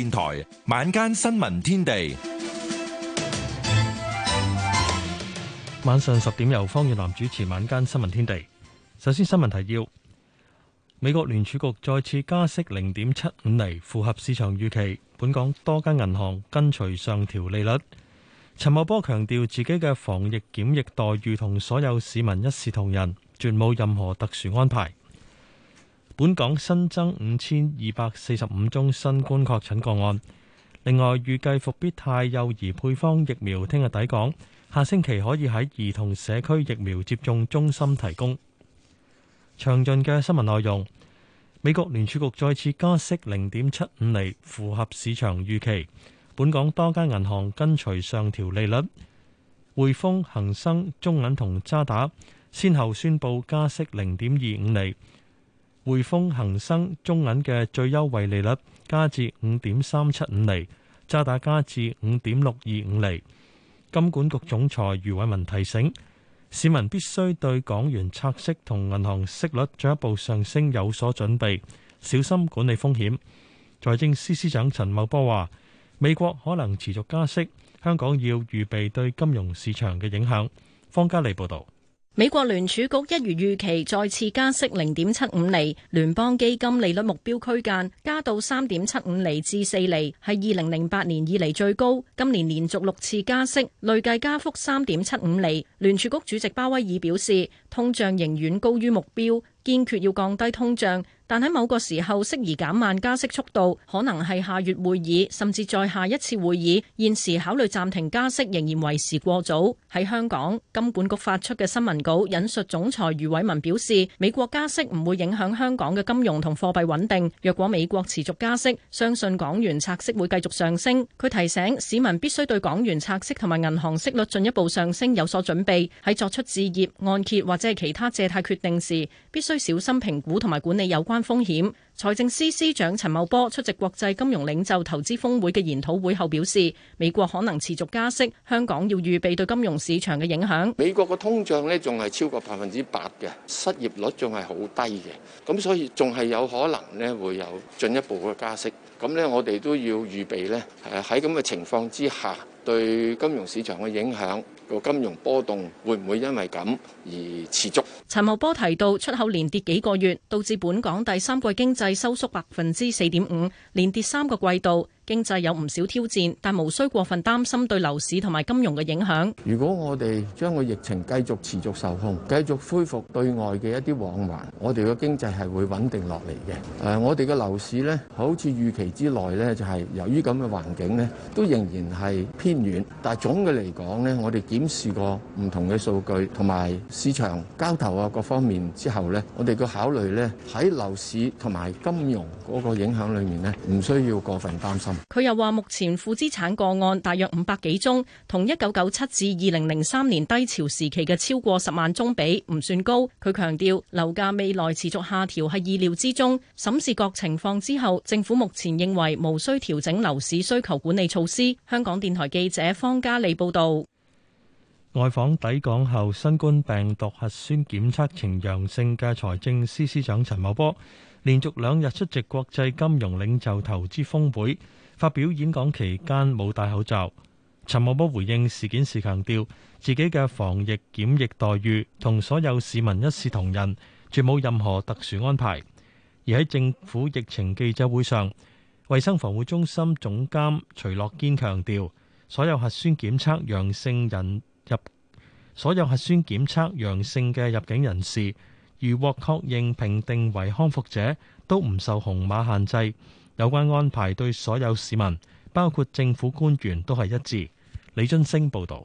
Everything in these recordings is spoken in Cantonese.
電台晚間新聞天地，晚上十點由方月南主持晚間新聞天地。首先新聞提要：美國聯儲局再次加息零點七五厘，符合市場預期。本港多間銀行跟隨上調利率。陳茂波強調自己嘅防疫檢疫待遇同所有市民一視同仁，絕冇任何特殊安排。本港新增五千二百四十五宗新冠確診個案。另外，預計復必泰幼兒配方疫苗聽日抵港，下星期可以喺兒童社區疫苗接種中心提供。詳盡嘅新聞內容。美國聯儲局再次加息零點七五厘，符合市場預期。本港多間銀行跟隨上調利率，匯豐、恒生、中銀同渣打先後宣布加息零點二五厘。匯豐、恒生、中銀嘅最優惠利率加至五點三七五厘，渣打加至五點六二五厘。金管局總裁余偉文提醒市民必須對港元拆息同銀行息率進一步上升有所準備，小心管理風險。財政司司長陳茂波話，美國可能持續加息，香港要預備對金融市場嘅影響。方嘉莉報道。美國聯儲局一如預期再次加息零點七五厘，聯邦基金利率目標區間加到三點七五厘至四厘，係二零零八年以嚟最高。今年連續六次加息，累計加幅三點七五厘。聯儲局主席鮑威爾表示。通脹仍遠高於目標，堅決要降低通脹，但喺某個時候適宜減慢加息速度，可能係下月會議，甚至再下一次會議。現時考慮暫停加息仍然為時過早。喺香港，金管局發出嘅新聞稿引述總裁余偉文表示，美國加息唔會影響香港嘅金融同貨幣穩定。若果美國持續加息，相信港元拆息會繼續上升。佢提醒市民必須對港元拆息同埋銀行息率進一步上升有所準備，喺作出置業、按揭或即係其他借貸決定時，必須小心評估同埋管理有關風險。財政司司長陳茂波出席國際金融領袖投資峰會嘅研討會後表示，美國可能持續加息，香港要預備對金融市場嘅影響。美國嘅通脹呢仲係超過百分之八嘅，失業率仲係好低嘅，咁所以仲係有可能呢會有進一步嘅加息。咁呢，我哋都要預備呢喺咁嘅情況之下，對金融市場嘅影響。個金融波動會唔會因為咁而持續？陳茂波提到，出口連跌幾個月，導致本港第三季經濟收縮百分之四點五，連跌三個季度。經濟有唔少挑戰，但無需過分擔心對樓市同埋金融嘅影響。如果我哋將個疫情繼續持續受控，繼續恢復對外嘅一啲往還，我哋嘅經濟係會穩定落嚟嘅。誒、呃，我哋嘅樓市呢，好似預期之內呢，就係、是、由於咁嘅環境呢，都仍然係偏軟。但係總嘅嚟講呢，我哋檢視過唔同嘅數據同埋市場交投啊各方面之後呢，我哋嘅考慮呢，喺樓市同埋金融嗰個影響裏面呢，唔需要過分擔心。佢又話：目前負資產個案大約五百幾宗，同一九九七至二零零三年低潮時期嘅超過十萬宗比唔算高。佢強調樓價未來持續下調係意料之中。審視各情況之後，政府目前認為無需調整樓市需求管理措施。香港電台記者方嘉莉報道。外訪抵港後，新冠病毒核酸檢測呈陽性嘅財政司司長陳茂波，連續兩日出席國際金融領袖投資峰會。發表演講期間冇戴口罩。陳茂波回應事件時強調，自己嘅防疫檢疫待遇同所有市民一視同仁，絕冇任何特殊安排。而喺政府疫情記者會上，衛生防護中心總監徐樂堅強調，所有核酸檢測陽性人入，所有核酸檢測陽性嘅入境人士，如獲確認評定為康復者，都唔受紅碼限制。有關安排對所有市民，包括政府官員，都係一致。李津星報導。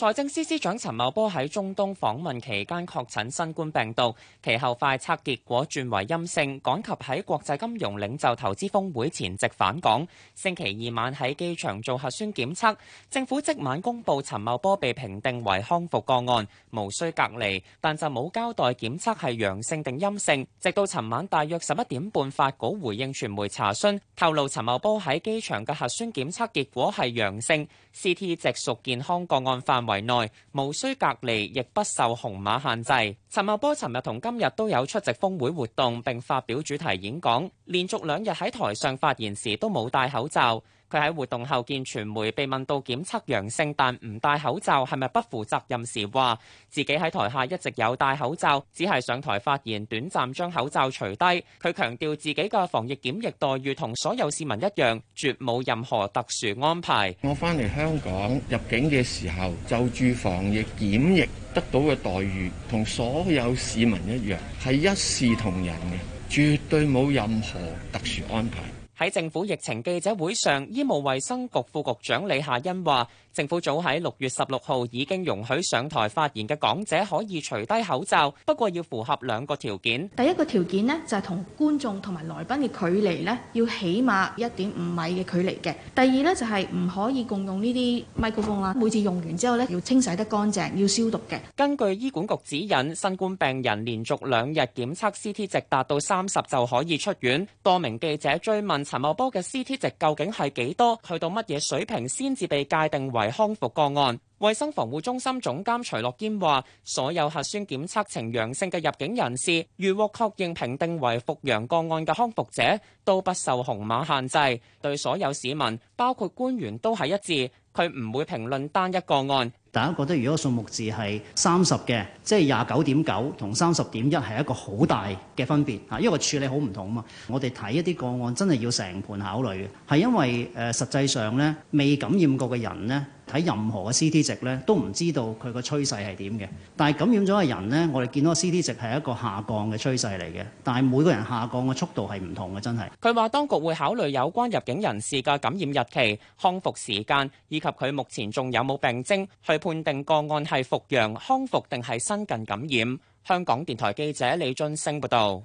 財政司司長陳茂波喺中東訪問期間確診新冠病毒，其後快測結果轉為陰性，趕及喺國際金融領袖投資峰會前夕返港。星期二晚喺機場做核酸檢測，政府即晚公布陳茂波被評定為康復個案，無需隔離，但就冇交代檢測係陽性定陰性。直到尋晚大約十一點半發稿，回應傳媒查詢，透露陳茂波喺機場嘅核酸檢測結果係陽性，CT 值屬健康個案範圍。圍內無需隔離，亦不受紅碼限制。陳茂波尋日同今日都有出席峰會活動並發表主題演講，連續兩日喺台上發言時都冇戴口罩。佢喺活動後見傳媒，被問到檢測陽性但唔戴口罩係咪不負責任時話，自己喺台下一直有戴口罩，只係上台發言短暫將口罩除低。佢強調自己嘅防疫檢疫待遇同所有市民一樣，絕冇任何特殊安排。我翻嚟香港入境嘅時候，就住防疫檢疫得到嘅待遇同所有市民一樣，係一視同仁嘅，絕對冇任何特殊安排。喺政府疫情記者會上，醫務衛生局副局長李夏欣話，政府早喺六月十六號已經容許上台發言嘅講者可以除低口罩，不過要符合兩個條件。第一個條件呢，就係同觀眾同埋來賓嘅距離呢，要起碼一點五米嘅距離嘅。第二呢，就係唔可以共用呢啲麥克風啦，每次用完之後呢，要清洗得乾淨，要消毒嘅。根據醫管局指引，新冠病人連續兩日檢測 CT 值達到三十就可以出院。多名記者追問陳茂波嘅 CT 值究竟係幾多？去到乜嘢水平先至被界定為為康復個案。衛生防護中心總監徐樂堅話，所有核酸檢測呈陽性嘅入境人士，如獲確認評定為復陽個案嘅康復者，都不受紅碼限制。對所有市民，包括官員都係一致。佢唔會評論單一個案。大家覺得如果數目字係三十嘅，即係廿九點九同三十點一係一個好大嘅分別啊，因為個處理好唔同啊嘛。我哋睇一啲個案真係要成盤考慮，係因為誒實際上咧未感染過嘅人呢。睇任何嘅 C T 值咧，都唔知道佢個趨勢係點嘅。但係感染咗嘅人咧，我哋見到 C T 值係一個下降嘅趨勢嚟嘅。但係每個人下降嘅速度係唔同嘅，真係，佢話當局會考慮有關入境人士嘅感染日期、康復時間以及佢目前仲有冇病徵去判定個案係復陽康復定係新近感染。香港電台記者李俊升報道。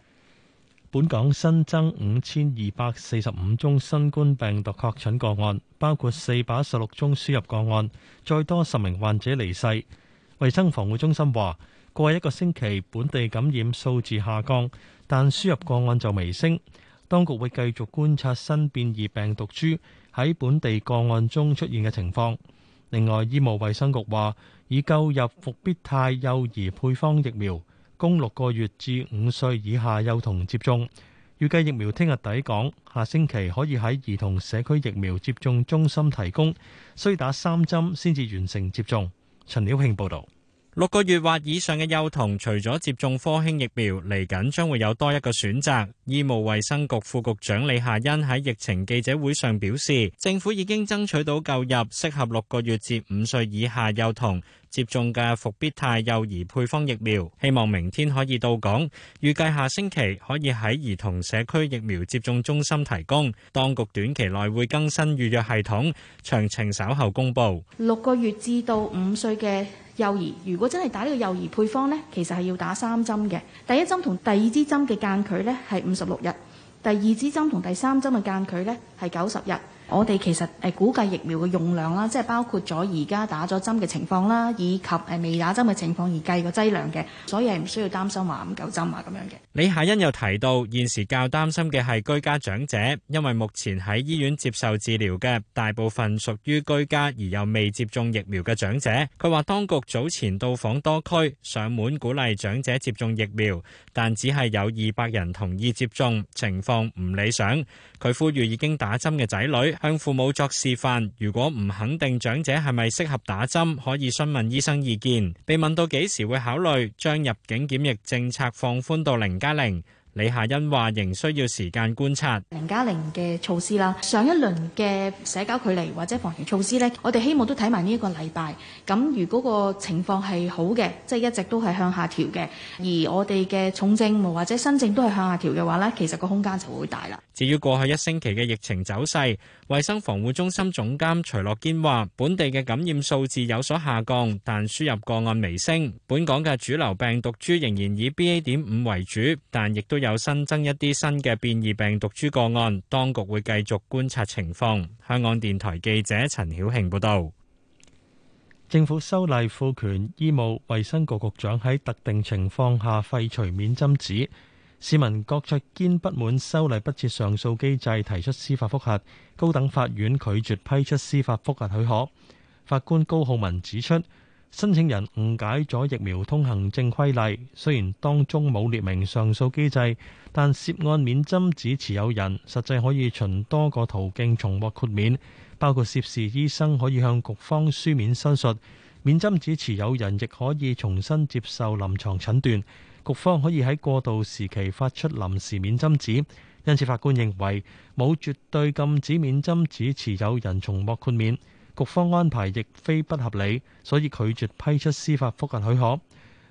本港新增五千二百四十五宗新冠病毒確診個案，包括四百一十六宗輸入個案，再多十名患者離世。衛生防護中心話，過去一個星期本地感染數字下降，但輸入個案就微升。當局會繼續觀察新變異病毒株喺本地個案中出現嘅情況。另外，醫務衛生局話已購入復必泰幼兒配方疫苗。供六個月至五歲以下幼童接種，預計疫苗聽日抵港，下星期可以喺兒童社區疫苗接種中心提供，需打三針先至完成接種。陳曉慶報導。六個月或以上嘅幼童，除咗接種科興疫苗，嚟緊將會有多一個選擇。醫務衛生局副局長李夏茵喺疫情記者會上表示，政府已經爭取到購入適合六個月至五歲以下幼童接種嘅復必泰幼兒配方疫苗，希望明天可以到港，預計下星期可以喺兒童社區疫苗接種中心提供。當局短期內會更新預約系統，詳情稍後公佈。六個月至到五歲嘅幼兒如果真係打呢個幼兒配方咧，其實係要打三針嘅。第一針同第二支針嘅間距咧係五十六日，第二支針同第三針嘅間距咧係九十日。我哋其實誒估計疫苗嘅用量啦，即係包括咗而家打咗針嘅情況啦，以及誒未打針嘅情況而計個劑量嘅，所以係唔需要擔心話唔夠針啊咁樣嘅。李夏欣又提到，現時較擔心嘅係居家長者，因為目前喺醫院接受治療嘅大部分屬於居家而又未接種疫苗嘅長者。佢話當局早前到訪多區，上門鼓勵長者接種疫苗，但只係有二百人同意接種，情況唔理想。佢呼籲已經打針嘅仔女，向父母作示範，如果唔肯定長者係咪適合打針，可以詢問醫生意見。被問到幾時會考慮將入境檢疫政策放寬到零加零。0? 李夏欣話：仍需要時間觀察零加零嘅措施啦，上一輪嘅社交距離或者防疫措施呢，我哋希望都睇埋呢一個禮拜。咁如果個情況係好嘅，即係一直都係向下調嘅，而我哋嘅重症或者新症都係向下調嘅話呢，其實個空間就會大啦。至於過去一星期嘅疫情走勢，衞生防護中心總監徐樂堅話：本地嘅感染數字有所下降，但輸入個案微升。本港嘅主流病毒株仍然以 BA. 點五為主，但亦都有。有新增一啲新嘅變異病毒株個案，當局會繼續觀察情況。香港電台記者陳曉慶報道。政府修例賦權醫務衛生局局長喺特定情況下廢除免針紙，市民郭卓堅不滿修例不設上訴機制，提出司法覆核高等法院拒絕批出司法覆核許可。法官高浩文指出，申請人誤解咗疫苗通行證規例，雖然當中冇列明上訴機制，但涉案免針紙持有人實際可以循多個途徑重獲豁免，包括涉事醫生可以向局方書面申述，免針紙持有人亦可以重新接受臨床診斷，局方可以喺過渡時期發出臨時免針紙。因此，法官認為冇絕對禁止免針紙持有人重獲豁免。局方安排亦非不合理，所以拒絕批出司法覆核許可。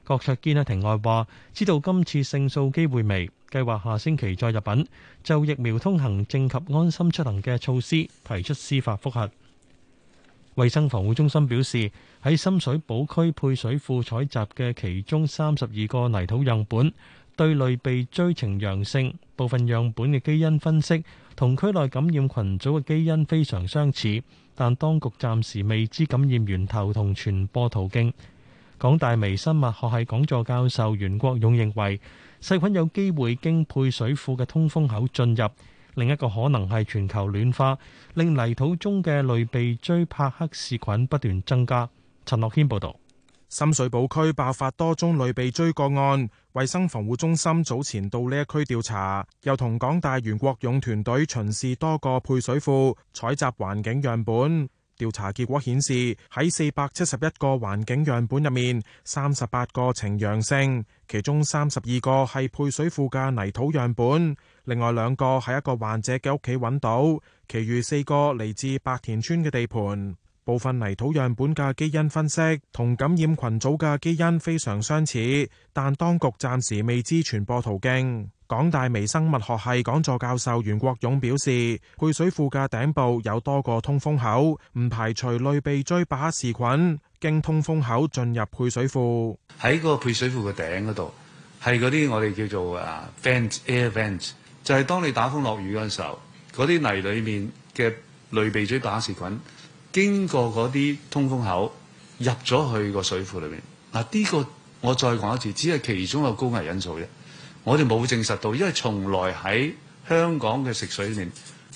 郭卓堅喺庭外話：知道今次勝訴機會未？計劃下星期再入稟就疫苗通行證及安心出行嘅措施提出司法覆核。衛生防護中心表示，喺深水埗區配水庫採集嘅其中三十二個泥土樣本，對類鼻疽呈陽性，部分樣本嘅基因分析，同區內感染群組嘅基因非常相似。但當局暫時未知感染源頭同傳播途徑。港大微生物學系講座教授袁國勇認為，細菌有機會經配水庫嘅通風口進入；另一個可能係全球暖化，令泥土中嘅類鼻疽柏克氏菌不斷增加。陳樂謙報導。深水埗區爆發多宗類鼻疽個案，衛生防護中心早前到呢一區調查，又同港大袁國勇團隊巡視多個配水庫，採集環境樣本。調查結果顯示，喺四百七十一個環境樣本入面，三十八個呈陽性，其中三十二個係配水庫嘅泥土樣本，另外兩個喺一個患者嘅屋企揾到，其餘四個嚟自白田村嘅地盤。部分泥土樣本嘅基因分析同感染群組嘅基因非常相似，但當局暫時未知傳播途徑。港大微生物學系講座教授袁國勇表示，配水庫嘅頂部有多個通風口，唔排除類鼻疽伯克氏菌經通風口進入配水庫。喺個配水庫嘅頂嗰度係嗰啲我哋叫做啊 fans air vent 就係當你打風落雨嗰陣時候，嗰啲泥裏面嘅類鼻疽伯克氏菌。經過嗰啲通風口入咗去個水庫裏面。嗱、這、呢個我再講一次，只係其中一個高危因素啫。我哋冇證實到，因為從來喺香港嘅食水裏面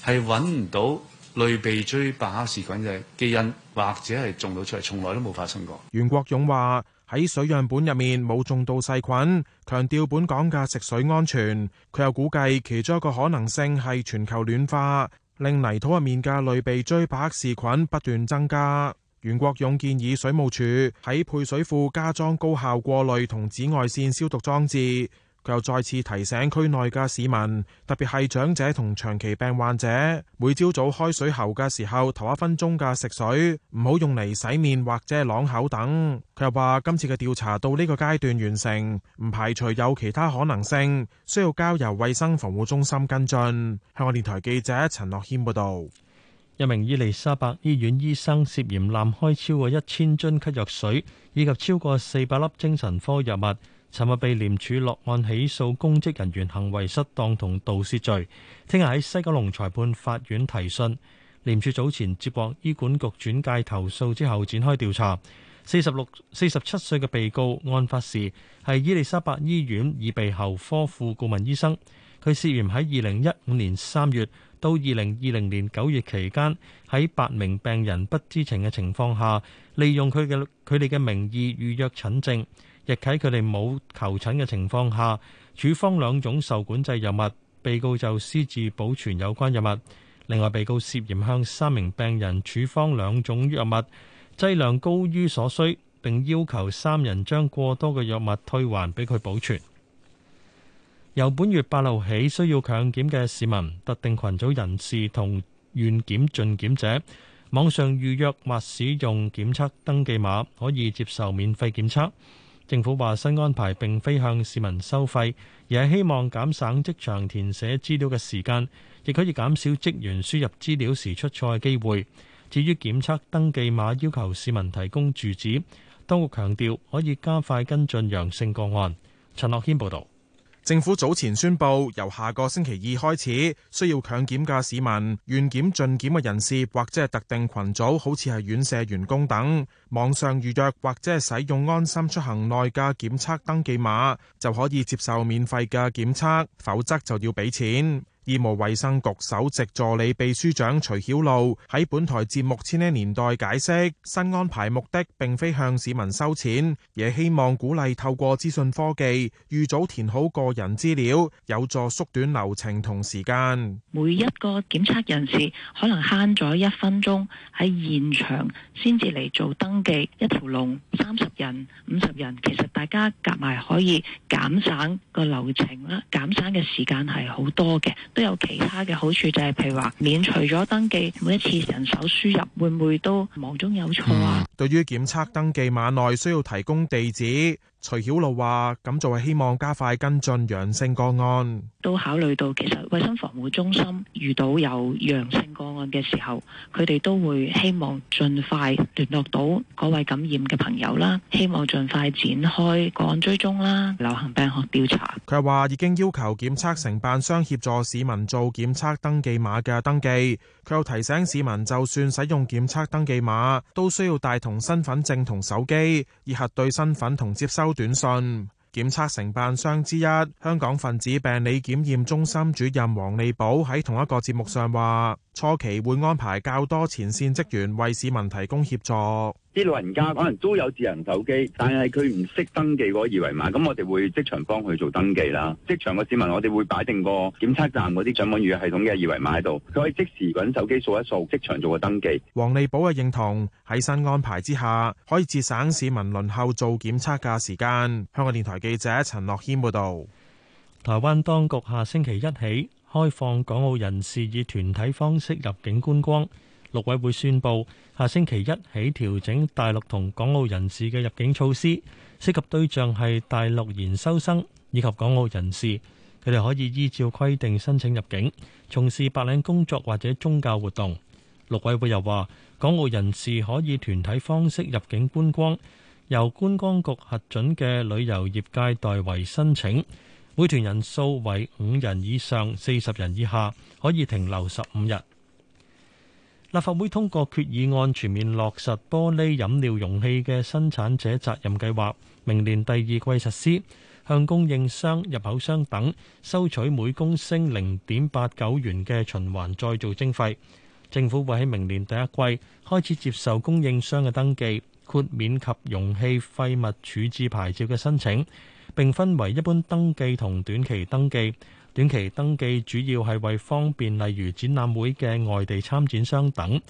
係揾唔到類鼻疽伯克氏菌嘅基因，或者係種到出嚟，從來都冇發生過。袁國勇話：喺水樣本入面冇種到細菌，強調本港嘅食水安全。佢又估計其中一個可能性係全球暖化。令泥土入面嘅類鼻疽伯克氏菌不斷增加，袁國勇建議水務署喺配水庫加裝高效過濾同紫外線消毒裝置。又再次提醒區內嘅市民，特別係長者同長期病患者，每朝早開水喉嘅時候，頭一分鐘嘅食水唔好用嚟洗面或者啷口等。佢又話今次嘅調查到呢個階段完成，唔排除有其他可能性，需要交由衛生防護中心跟進。香港電台記者陳樂謙報道，一名伊利沙伯醫院醫生涉嫌濫開超過一千樽咳藥水，以及超過四百粒精神科藥物。尋日被廉署落案起訴公職人員行為失當同盜竊罪，聽日喺西九龍裁判法院提訊。廉署早前接獲醫管局轉介投訴之後展開調查。四十六、四十七歲嘅被告，案發時係伊利沙伯醫院耳鼻喉科副顧問醫生，佢涉嫌喺二零一五年三月。到二零二零年九月期間，喺八名病人不知情嘅情況下，利用佢嘅佢哋嘅名義預約診症，亦喺佢哋冇求診嘅情況下，處方兩種受管制藥物，被告就私自保存有關藥物。另外，被告涉嫌向三名病人處方兩種藥物，劑量高於所需，並要求三人將過多嘅藥物退還俾佢保存。由本月八號起，需要強檢嘅市民、特定群組人士同願檢進檢者，網上預約或使用檢測登記碼可以接受免費檢測，政府話新安排並非向市民收費，而係希望減省職場填寫資料嘅時間，亦可以減少職員輸入資料時出錯嘅機會。至於檢測登記碼要求市民提供住址，當局強調可以加快跟進陽性個案。陳樂謙報道。政府早前宣佈，由下個星期二開始，需要強檢嘅市民、願檢盡檢嘅人士或者係特定群組，好似係院舍員工等，網上預約或者係使用安心出行內嘅檢測登記碼，就可以接受免費嘅檢測，否則就要俾錢。醫務衛生局首席助理秘書長徐曉露喺本台節目《千禧年代》解釋，新安排目的並非向市民收錢，也希望鼓勵透過資訊科技，預早填好個人資料，有助縮短流程同時間。每一個檢測人士可能慳咗一分鐘喺現場先至嚟做登記，一條龍三十人、五十人，其實大家夾埋可以減省個流程啦，減省嘅時間係好多嘅。都有其他嘅好處，就係譬如話免除咗登記每一次人手輸入，會唔會都忙中有錯啊？對、嗯、於檢測登記碼內需要提供地址。徐曉露話，咁就係希望加快跟進陽性個案，都考慮到其實衛生防護中心遇到有陽性個案嘅時候，佢哋都會希望盡快聯絡到嗰位感染嘅朋友啦，希望盡快展開個案追蹤啦，流行病學調查。佢又話已經要求檢測承辦商協助市民做檢測登記碼嘅登記。佢又提醒市民，就算使用檢測登記碼，都需要帶同身份證同手機，以核對身份同接收短信。檢測承辦商之一香港分子病理檢驗中心主任黃利寶喺同一個節目上話。初期會安排較多前線職員為市民提供協助。啲老人家可能都有智能手機，但係佢唔識登記嗰個二維碼，咁我哋會即場幫佢做登記啦。即場個市民，我哋會擺定個檢測站嗰啲上網預約系統嘅二維碼喺度，佢可以即時揾手機掃一掃，即場做個登記。黃利保嘅認同喺新安排之下，可以節省市民輪候做檢測嘅時間。香港電台記者陳樂軒報導。台灣當局下星期一起，開放港澳人士以團體方式入境觀光，陸委會宣布下星期一起調整大陸同港澳人士嘅入境措施，涉及對象係大陸研修生以及港澳人士，佢哋可以依照規定申請入境，從事白領工作或者宗教活動。陸委會又話，港澳人士可以團體方式入境觀光，由觀光局核准嘅旅遊業界代為申請。每團人數為五人以上、四十人以下，可以停留十五日。立法會通過決議案，全面落實玻璃飲料容器嘅生產者責任計劃，明年第二季實施，向供應商、入口商等收取每公升零點八九元嘅循環再造徵費。政府會喺明年第一季開始接受供應商嘅登記、豁免及容器廢物處置牌照嘅申請。並分為一般登記同短期登記。短期登記主要係為方便，例如展覽會嘅外地參展商等。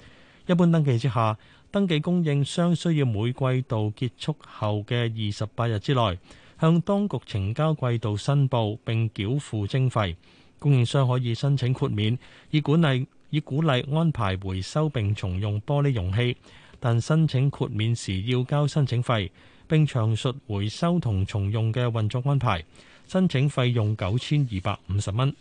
一般登記之下，登記供應商需要每季度結束後嘅二十八日之內，向當局呈交季度申報並繳付徵費。供應商可以申請豁免，以管理以鼓勵安排回收並重用玻璃容器，但申請豁免時要交申請費。並詳述回收同重用嘅運作安排，申請費用九千二百五十蚊。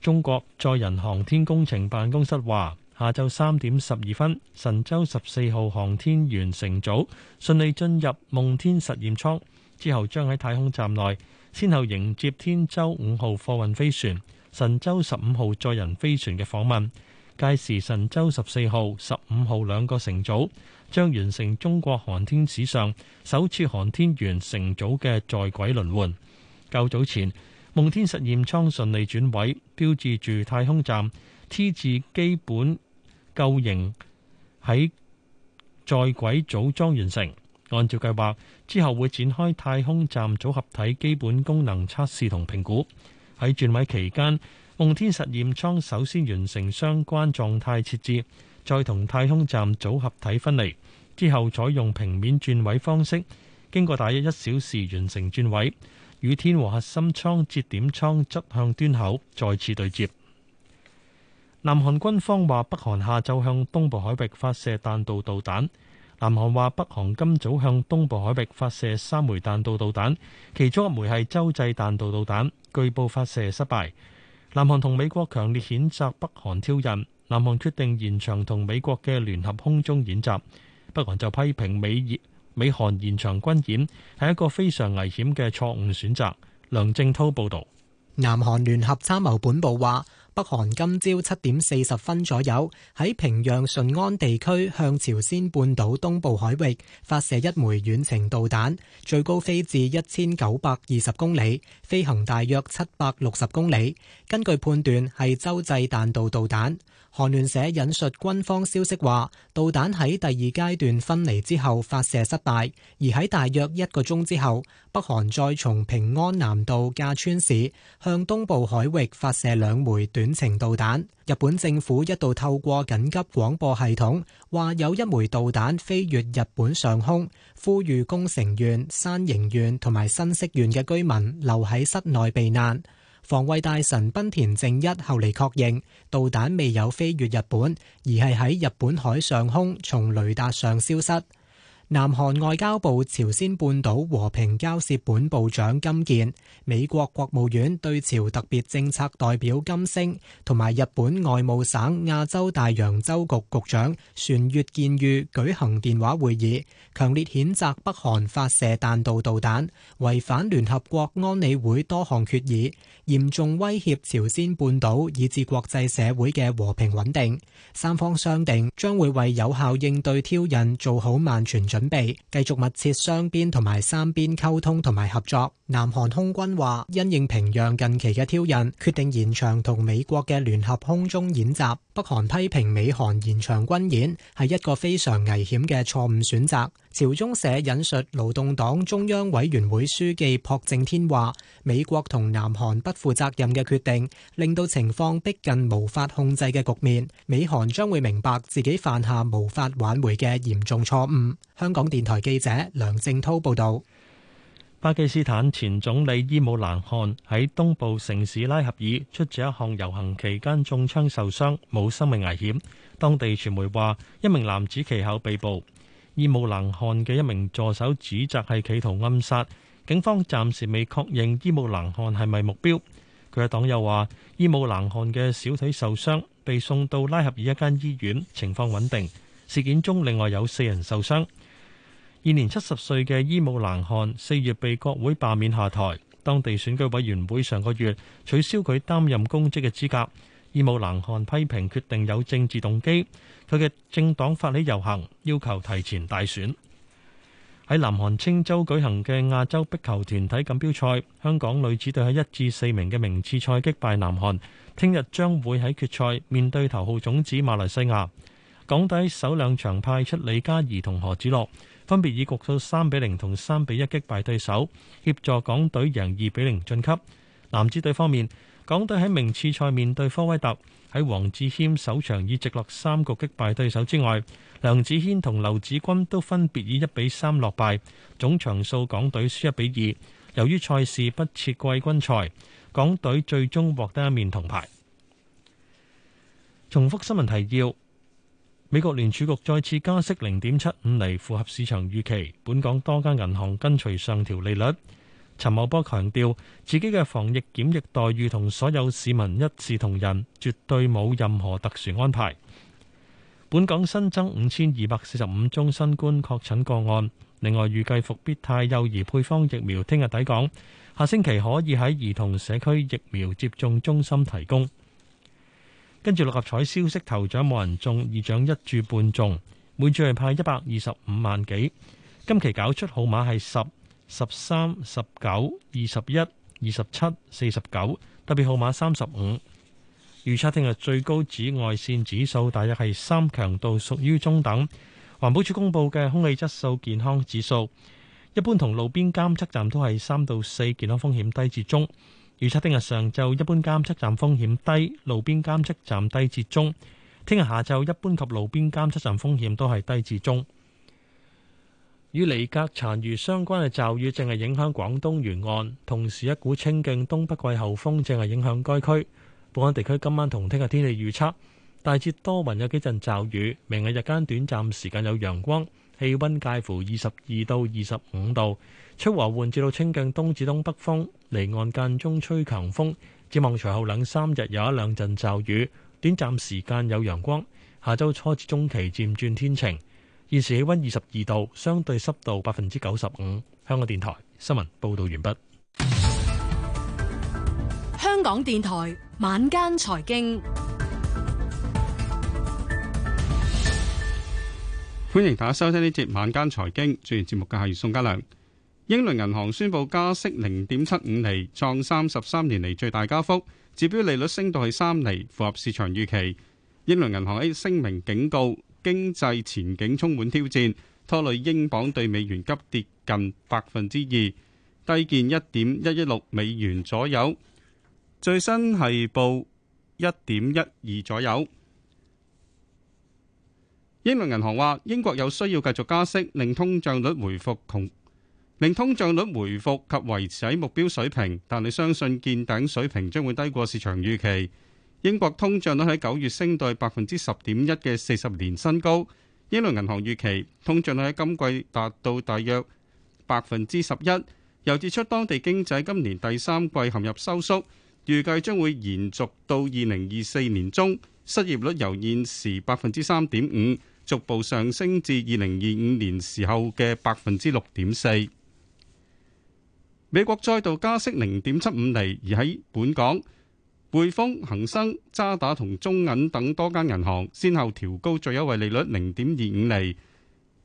中國載人航天工程辦公室話，下晝三點十二分，神舟十四號航天員乘組順利進入夢天實驗艙，之後將喺太空站內先後迎接天舟五號貨運飛船、神舟十五號載人飛船嘅訪問。屆時神舟十四號、十五號兩個乘組將完成中國航天史上首次航天員乘組嘅在軌輪換。較早前，夢天實驗艙順利轉位，標誌住太空站 T 字基本構型喺在軌組裝完成。按照計劃，之後會展開太空站組合體基本功能測試同評估。喺轉位期間。夢天實驗艙首先完成相關狀態設置，再同太空站組合體分離，之後採用平面轉位方式，經過大約一小時完成轉位，與天和核心艙節點艙側向端口再次對接。南韓軍方話北韓下晝向東部海域發射彈道導彈，南韓話北韓今早向東部海域發射三枚彈道導彈，其中一枚係洲際彈道導彈，據報發射失敗。南韓同美國強烈譴責北韓挑釁，南韓決定延長同美國嘅聯合空中演習，北韓就批評美美韓延長軍演係一個非常危險嘅錯誤選擇。梁正滔報導，南韓聯合參謀本部話。北韓今朝七點四十分左右，喺平壤順安地區向朝鮮半島東部海域發射一枚遠程導彈，最高飛至一千九百二十公里，飛行大約七百六十公里。根據判斷，係洲際彈道導彈。韓聯社引述軍方消息話，導彈喺第二階段分離之後發射失敗，而喺大約一個鐘之後，北韓再從平安南道架川市向東部海域發射兩枚短程導彈，日本政府一度透過緊急廣播系統話有一枚導彈飛越日本上空，呼籲宮城縣、山形縣同埋新潟縣嘅居民留喺室內避難。防衛大臣濱田正一後嚟確認，導彈未有飛越日本，而係喺日本海上空從雷達上消失。南韓外交部朝鮮半島和平交涉本部長金建、美國國務院對朝特別政策代表金星同埋日本外務省亞洲大洋洲局局長船越健裕舉行電話會議，強烈譴責北韓發射彈道導彈，違反聯合國安理會多項決議，嚴重威脅朝鮮半島以至國際社會嘅和平穩定。三方商定將會為有效應對挑釁做好萬全準。準備繼續密切雙邊同埋三邊溝通同埋合作。南韓空軍話，因應平壤近期嘅挑釁，決定延長同美國嘅聯合空中演習。北韓批評美韓延長軍演，係一個非常危險嘅錯誤選擇。朝中社引述勞動黨中央委員會書記朴正天話，美國同南韓不負責任嘅決定，令到情況逼近無法控制嘅局面。美韓將會明白自己犯下無法挽回嘅嚴重錯誤。香港電台記者梁正濤報道。巴基斯坦前總理伊姆蘭汗喺東部城市拉合爾出席一項遊行期間中槍受傷，冇生命危險。當地傳媒話，一名男子其後被捕。伊姆蘭汗嘅一名助手指責係企圖暗殺，警方暫時未確認伊姆蘭汗係咪目標。佢嘅黨友話：伊姆蘭汗嘅小腿受傷，被送到拉合爾一間醫院，情況穩定。事件中另外有四人受傷。現年七十歲嘅伊姆蘭汗四月被國會罷免下台，當地選舉委員會上個月取消佢擔任公職嘅資格。伊姆蘭汗批評決定有政治動機。佢嘅政黨發起遊行，要求提前大選。喺南韓青州舉行嘅亞洲壁球團體錦標賽，香港女子隊喺一至四名嘅名次賽擊敗南韓，聽日將會喺決賽面對頭號種子馬來西亞。港隊首兩場派出李嘉怡同何子樂，分別以局數三比零同三比一擊敗對手，協助港隊贏二比零晉級。男子隊方面。港隊喺名次賽面對科威特，除黃志謙首場以直落三局擊敗對手之外，梁子謙同劉子君都分別以一比三落敗，總場數港隊輸一比二。由於賽事不設季軍賽，港隊最終獲得一面銅牌。重複新聞提要：美國聯儲局再次加息零點七五厘，符合市場預期。本港多間銀行跟隨上調利率。陳茂波強調，自己嘅防疫檢疫待遇同所有市民一視同仁，絕對冇任何特殊安排。本港新增五千二百四十五宗新冠確診個案，另外預計復必泰幼兒配方疫苗聽日抵港，下星期可以喺兒童社區疫苗接種中心提供。跟住六合彩消息，頭獎冇人中，二獎一注半中，每注係派一百二十五萬幾。今期攪出號碼係十、十三、十九、二十一、二十七、四十九，特別號碼三十五。預測聽日最高紫外線指數大約係三，強度屬於中等。環保署公布嘅空氣質素健康指數，一般同路邊監測站都係三到四，健康風險低至中。預測聽日上晝一般監測站風險低，路邊監測站低至中。聽日下晝一般及路邊監測站風險都係低至中。與尼格殘餘相關嘅驟雨正係影響廣東沿岸，同時一股清勁東北季候風正係影響該區。本港地區今晚同聽日天氣預測：大致多雲，有幾陣驟雨；明日日間短暫時間有陽光，氣溫介乎二十二到二十五度。出和緩至到清勁東至東北風，離岸間中吹強風。展望隨後兩三日有一兩陣驟雨，短暫時間有陽光。下週初至中期漸轉天晴。現時氣温二十二度，相對濕度百分之九十五。香港電台新聞報道完畢。香港電台晚間財經，歡迎大家收聽呢節晚間財經。主持節目嘅係宋家良。英倫銀行宣布加息零點七五厘，創三十三年嚟最大加幅，指標利率升到係三厘，符合市場預期。英倫銀行喺聲明警告。經濟前景充滿挑戰，拖累英鎊對美元急跌近百分之二，低見一點一一六美元左右，最新係報一點一二左右。英倫銀行話，英國有需要繼續加息，令通脹率回復同令通脹率回復及維持喺目標水平，但你相信見頂水平將會低過市場預期。英國通脹率喺九月升到百分之十點一嘅四十年新高，英倫銀行預期通脹率喺今季達到大約百分之十一，又指出當地經濟今年第三季陷入收縮，預計將會延續到二零二四年中，失業率由現時百分之三點五逐步上升至二零二五年時候嘅百分之六點四。美國再度加息零點七五厘，而喺本港，匯豐、恒生、渣打同中銀等多間銀行先後調高最優惠利率零點二五厘。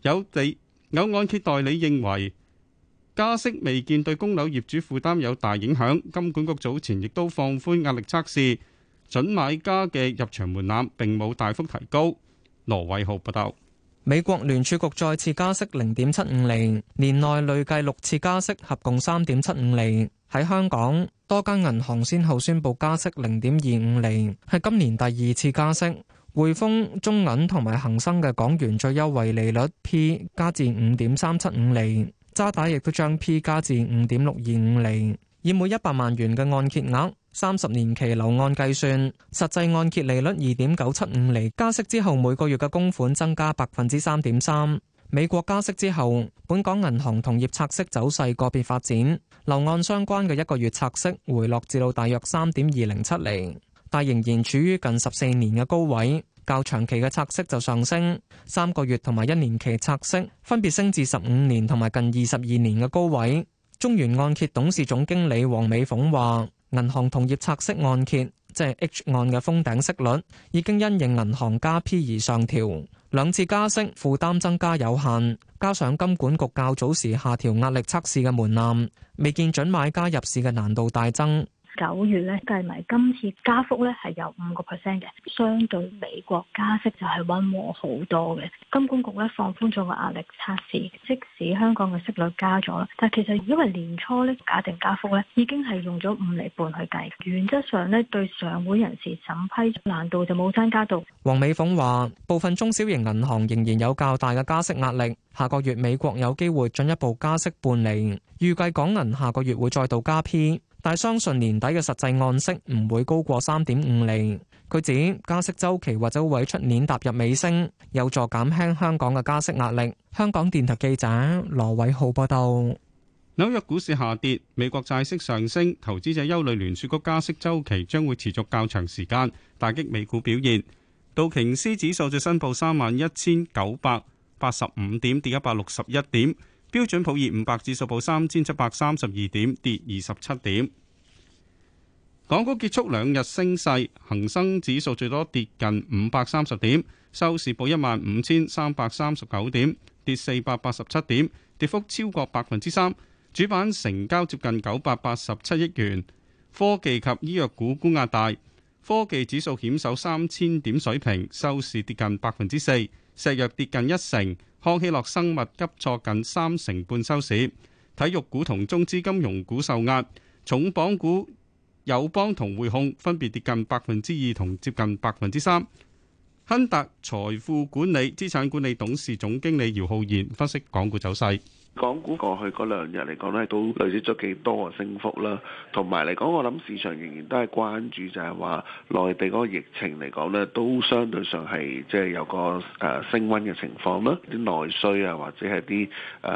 有地有按揭代理認為加息未見對供樓業主負擔有大影響。金管局早前亦都放寬壓力測試，準買家嘅入場門檻並冇大幅提高。羅偉豪報道。美國聯儲局再次加息零點七五厘，年內累計六次加息，合共三點七五厘。喺香港，多間銀行先後宣布加息零點二五厘，係今年第二次加息。匯豐、中銀同埋恒生嘅港元最優惠利率 p 加至五點三七五厘，渣打亦都將 p 加至五點六二五厘。以每一百萬元嘅按揭額，三十年期樓按計算，實際按揭利率二點九七五厘。加息之後，每個月嘅供款增加百分之三點三。美國加息之後，本港銀行同業拆息走勢個別發展。樓按相關嘅一個月拆息回落至到大約三點二零七厘，但仍然處於近十四年嘅高位。較長期嘅拆息就上升，三個月同埋一年期拆息分別升至十五年同埋近二十二年嘅高位。中原按揭董事總經理黃美鳳話：銀行同業拆息按揭即係 H 按嘅封頂息率已經因應銀行加 P 而上調。兩次加息，負擔增加有限，加上金管局較早時下調壓力測試嘅門檻，未見準買家入市嘅難度大增。九月咧，計埋今次加幅咧，係有五個 percent 嘅，相對美國加息就係溫和好多嘅。金管局咧放寬咗個壓力測試，即使香港嘅息率加咗啦，但其實因為年初咧假定加幅咧已經係用咗五厘半去計，原則上咧對上會人士審批難度就冇增加到。黃美鳳話：部分中小型銀行仍然有較大嘅加息壓力，下個月美國有機會進一步加息半釐，預計港銀下個月會再度加 P。但相信年底嘅實際按息唔會高過三點五厘，佢指加息週期或者會出年踏入尾聲，有助減輕香港嘅加息壓力。香港電台記者羅偉浩報道。紐約股市下跌，美國債息上升，投資者憂慮聯儲局加息週期將會持續較長時間，打擊美股表現。道瓊斯指數最新報三萬一千九百八十五點，跌一百六十一點。標準普爾五百指數報三千七百三十二點，跌二十七點。港股結束兩日升勢，恒生指數最多跌近五百三十點，收市報一萬五千三百三十九點，跌四百八十七點，跌幅超過百分之三。2，主板成交接近九百八十七億元，科技及醫藥股沽壓大，科技指數險守三千點水平，收市跌近百分之四。2，石藥跌近一成，康希諾生物急挫近三成半收市。體育股同中資金融股受壓，重磅股友邦同匯控分別跌近百分之二同接近百分之三。亨達財富管理資產管理董事總經理姚浩然分析港股走勢。港股過，過去嗰兩日嚟講咧，都累積咗幾多嘅升幅啦。同埋嚟講，我諗市場仍然都係關注就係話內地嗰個疫情嚟講咧，都相對上係即係有個誒升溫嘅情況啦。啲內需啊，或者係啲誒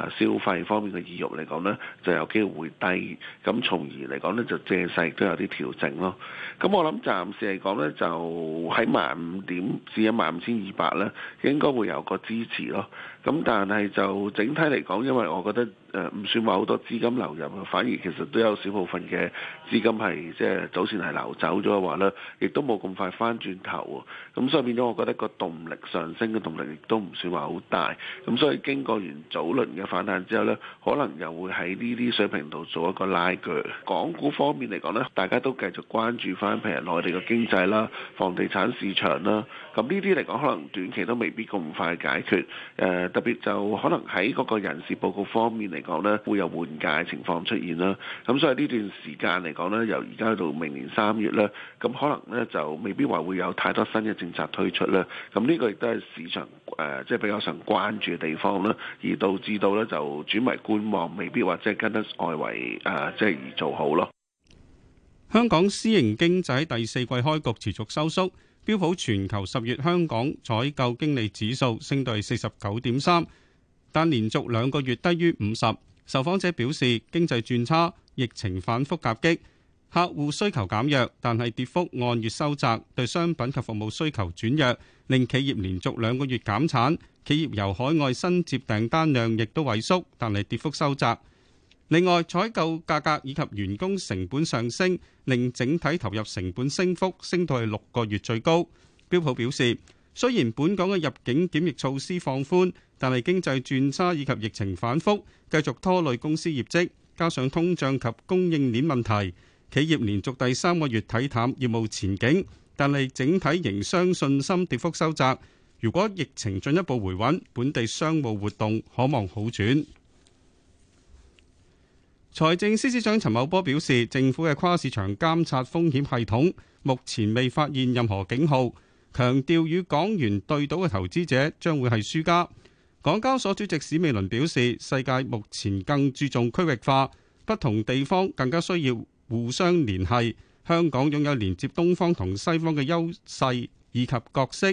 消費方面嘅意欲嚟講咧，就有機會會低，咁從而嚟講咧，就借勢都有啲調整咯。咁、嗯、我諗，暫時嚟講咧，就喺萬五點至一萬五千二百咧，應該會有個支持咯。咁、嗯、但係就整體嚟講，因為我覺得。呃，唔算話好多資金流入啊，反而其實都有少部分嘅資金係即係早前係流走咗嘅話呢，亦都冇咁快翻轉頭啊，咁所以變咗我覺得個動力上升嘅動力亦都唔算話好大，咁所以經過完早輪嘅反彈之後呢，可能又會喺呢啲水平度做一個拉鋸。港股方面嚟講呢，大家都繼續關注翻譬如內地嘅經濟啦、房地產市場啦。咁呢啲嚟講，可能短期都未必咁快解決。誒、呃，特別就可能喺嗰個人事報告方面嚟講呢會有換屆情況出現啦。咁、呃、所以呢段時間嚟講呢由而家到明年三月咧，咁、呃、可能呢就未必話會有太多新嘅政策推出啦。咁、呃、呢、這個亦都係市場誒、呃，即係比較上關注嘅地方啦，而導致到呢就轉為觀望，未必話即係跟得外圍誒、呃，即係而做好咯。香港私營經濟第四季開局持續收縮。標普全球十月香港採購經理指數升到四十九點三，但連續兩個月低於五十。受訪者表示，經濟轉差，疫情反覆夾擊，客戶需求減弱，但係跌幅按月收窄。對商品及服務需求轉弱，令企業連續兩個月減產。企業由海外新接訂單量亦都萎縮，但係跌幅收窄。另外，採購價格以及員工成本上升，令整體投入成本升幅升到去六個月最高。標普表示，雖然本港嘅入境檢疫措施放寬，但係經濟轉差以及疫情反覆，繼續拖累公司業績，加上通脹及供應鏈問題，企業連續第三個月睇淡業務前景，但係整體營商信心跌幅收窄。如果疫情進一步回穩，本地商務活動可望好轉。財政司司長陳茂波表示，政府嘅跨市場監察風險系統目前未發現任何警號，強調與港元對賭嘅投資者將會係輸家。港交所主席史美倫表示，世界目前更注重區域化，不同地方更加需要互相聯繫。香港擁有連接東方同西方嘅優勢以及角色，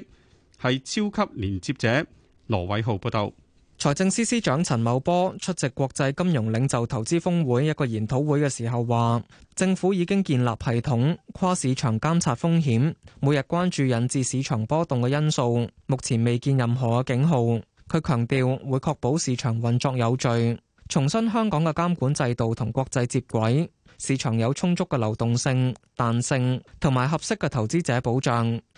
係超級連接者。羅偉浩報導。財政司司長陳茂波出席國際金融領袖投資峰會一個研討會嘅時候話，政府已經建立系統跨市場監察風險，每日關注引致市場波動嘅因素，目前未見任何嘅警號。佢強調會確保市場運作有序，重申香港嘅監管制度同國際接軌，市場有充足嘅流動性、彈性同埋合適嘅投資者保障。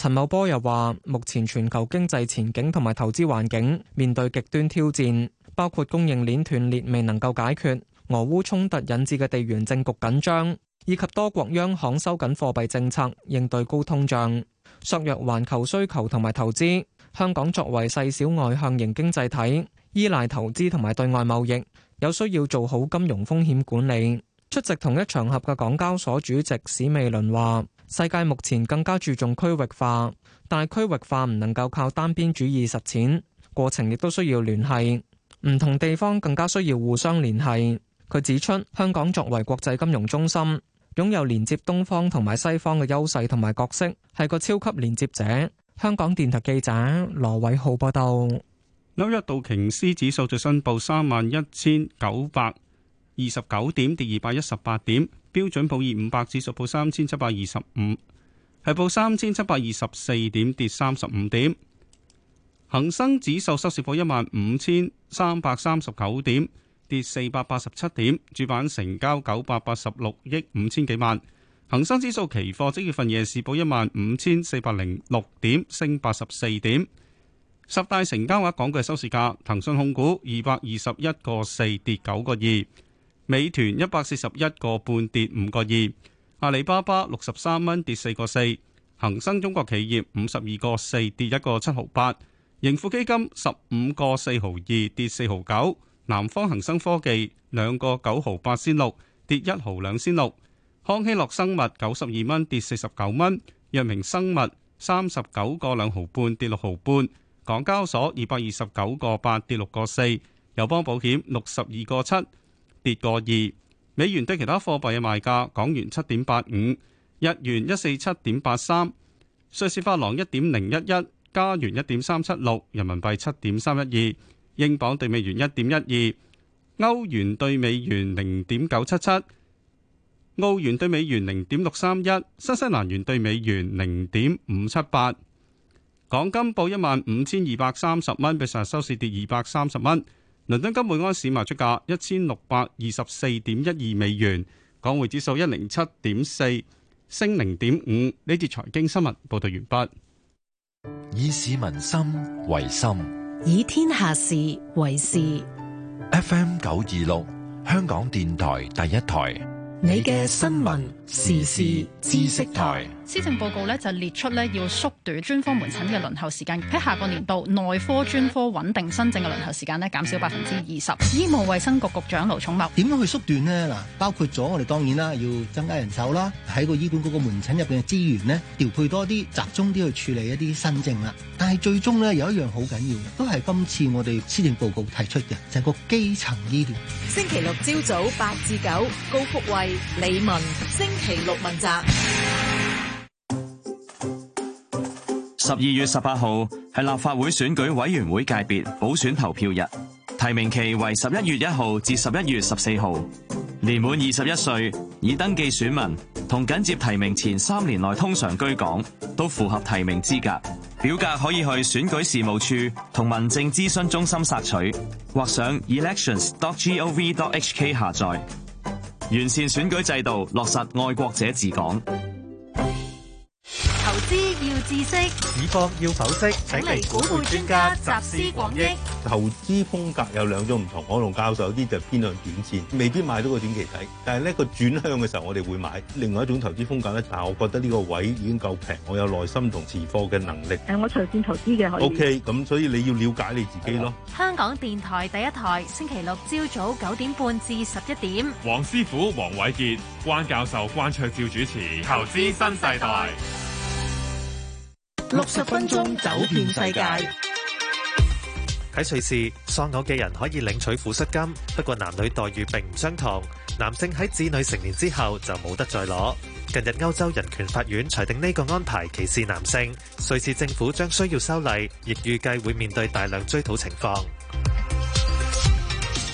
陳茂波又話：目前全球經濟前景同埋投資環境面對極端挑戰，包括供應鏈斷裂未能夠解決、俄烏衝突引致嘅地緣政局緊張，以及多國央行收緊貨幣政策，應對高通脹，削弱環球需求同埋投資。香港作為細小外向型經濟體，依賴投資同埋對外貿易，有需要做好金融風險管理。出席同一場合嘅港交所主席史美倫話。世界目前更加注重區域化，但係區域化唔能夠靠單邊主義實踐過程，亦都需要聯繫唔同地方，更加需要互相聯繫。佢指出，香港作為國際金融中心，擁有連接東方同埋西方嘅優勢同埋角色，係個超級連接者。香港電台記者羅偉浩報道。紐約道瓊斯指數最新報三萬一千九百二十九點，跌二百一十八點。標準普爾五百指數報三千七百二十五，係報三千七百二十四點，跌三十五點。恒生指數收市報一萬五千三百三十九點，跌四百八十七點。主板成交九百八十六億五千幾萬。恒生指數期貨即月份夜市報一萬五千四百零六點，升八十四點。十大成交額港股嘅收市價，騰訊控股二百二十一個四，跌九個二，美團一百四十一個半跌五個二，阿里巴巴六十三蚊跌四個四，恒生中國企業五十二個四跌一個七毫八，盈富基金十五個四毫二跌四毫九，南方恒生科技兩個九毫八先六跌一毫兩先六，康希諾生物九十二蚊跌四十九蚊，藥明生物三十九個兩毫半跌六毫半，港交所二百二十九個八跌六個四，友邦保險六十二個七。跌過二，美元對其他貨幣嘅賣價，港元七點八五，日元一四七點八三，瑞士法郎一點零一一，加元一點三七六，人民幣七點三一二，英鎊對美元一點一二，歐元對美元零點九七七，澳元對美元零點六三一，新西蘭元對美元零點五七八，港金報一萬五千二百三十蚊，比上日收市跌二百三十蚊。倫敦金每安士賣出價一千六百二十四點一二美元，港匯指數一零七點四升零點五。呢節財經新聞報道完畢。以市民心為心，以天下事為事。FM 九二六，香港電台第一台，你嘅新聞時事知識台。施政報告咧就列出咧要縮短專科門診嘅輪候時間，喺下個年度內科專科穩定新症嘅輪候時間咧減少百分之二十。醫務衛生局局長盧寵茂點樣去縮短呢？嗱，包括咗我哋當然啦，要增加人手啦，喺個醫管局嗰個門診入邊嘅資源呢調配多啲，集中啲去處理一啲新症啦。但係最終呢，有一樣好緊要，都係今次我哋施政報告提出嘅，就係個基層醫療。星期六朝早八至九，高福慧、李文，星期六問責。十二月十八號係立法會選舉委員會界別補選投票日，提名期為十一月一號至十一月十四號。年滿二十一歲已登記選民同緊接提名前三年內通常居港，都符合提名資格。表格可以去選舉事務處同民政諮詢中心索取，或上 elections.gov.hk 下載。完善選舉制度，落實愛國者治港。知識、止貨、要守息，請嚟股票專家集思廣益。投資風格有兩種唔同，我同教授有啲就偏向短線，未必買到個短期底，但係呢個轉向嘅時候，我哋會買另外一種投資風格咧。但係我覺得呢個位已經夠平，我有耐心同持貨嘅能力。誒、嗯，我隨便投資嘅可以。OK，咁所以你要了解你自己咯。香港電台第一台星期六朝早九點半至十一點。黃師傅黃偉傑、關教授關卓照主持《投資新世代》。六十分鐘走遍世界。喺瑞士喪偶嘅人可以領取撫恤金，不過男女待遇並唔相同。男性喺子女成年之後就冇得再攞。近日歐洲人權法院裁定呢個安排歧視男性。瑞士政府將需要修例，亦預計會面對大量追討情況。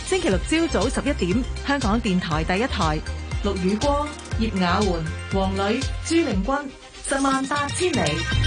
星期六朝早十一點，香港電台第一台，陸雨光、葉雅媛、黃磊、朱寧君，十萬八千里。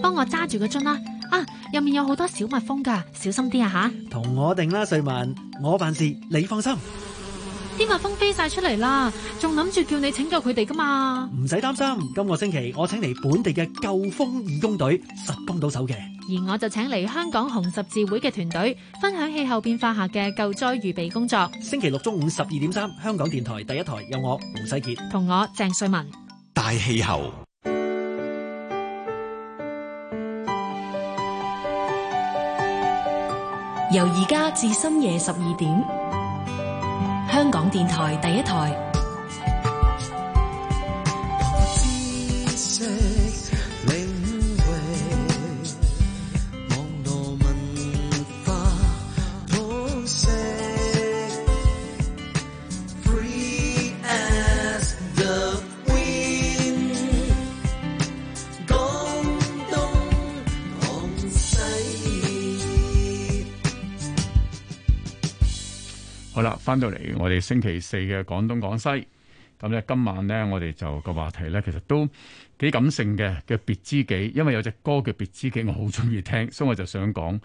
幫我揸住個樽啦！啊，入面有好多小蜜蜂噶，小心啲啊吓！同我定啦，瑞文，我辦事，你放心。啲蜜蜂飛晒出嚟啦，仲諗住叫你拯救佢哋噶嘛？唔使擔心，今個星期我請嚟本地嘅救蜂義工隊，實幫到手嘅。而我就請嚟香港紅十字會嘅團隊，分享氣候變化下嘅救災預備工作。星期六中午十二點三，香港電台第一台有我胡世杰，同我鄭瑞文，大氣候。由而家至深夜十二點，香港電台第一台。翻到嚟，我哋星期四嘅廣東廣西，咁咧今晚咧我哋就個話題咧，其實都幾感性嘅叫「別知己」，因為有隻歌叫別知己，我好中意聽，所以我就想講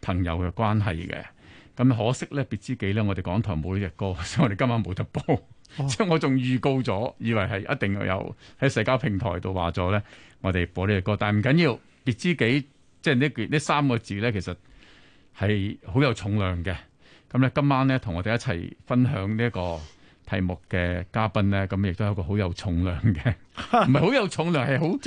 朋友嘅關係嘅。咁可惜咧，別知己咧，我哋港台冇呢隻歌，所以我哋今晚冇得播。哦、即係我仲預告咗，以為係一定要有喺社交平台度話咗咧，我哋播呢隻歌，但係唔緊要。別知己，即係呢呢三個字咧，其實係好有重量嘅。咁咧今晚咧同我哋一齊分享呢一個題目嘅嘉賓咧，咁亦都有個好有重量嘅，唔係好有重量係好。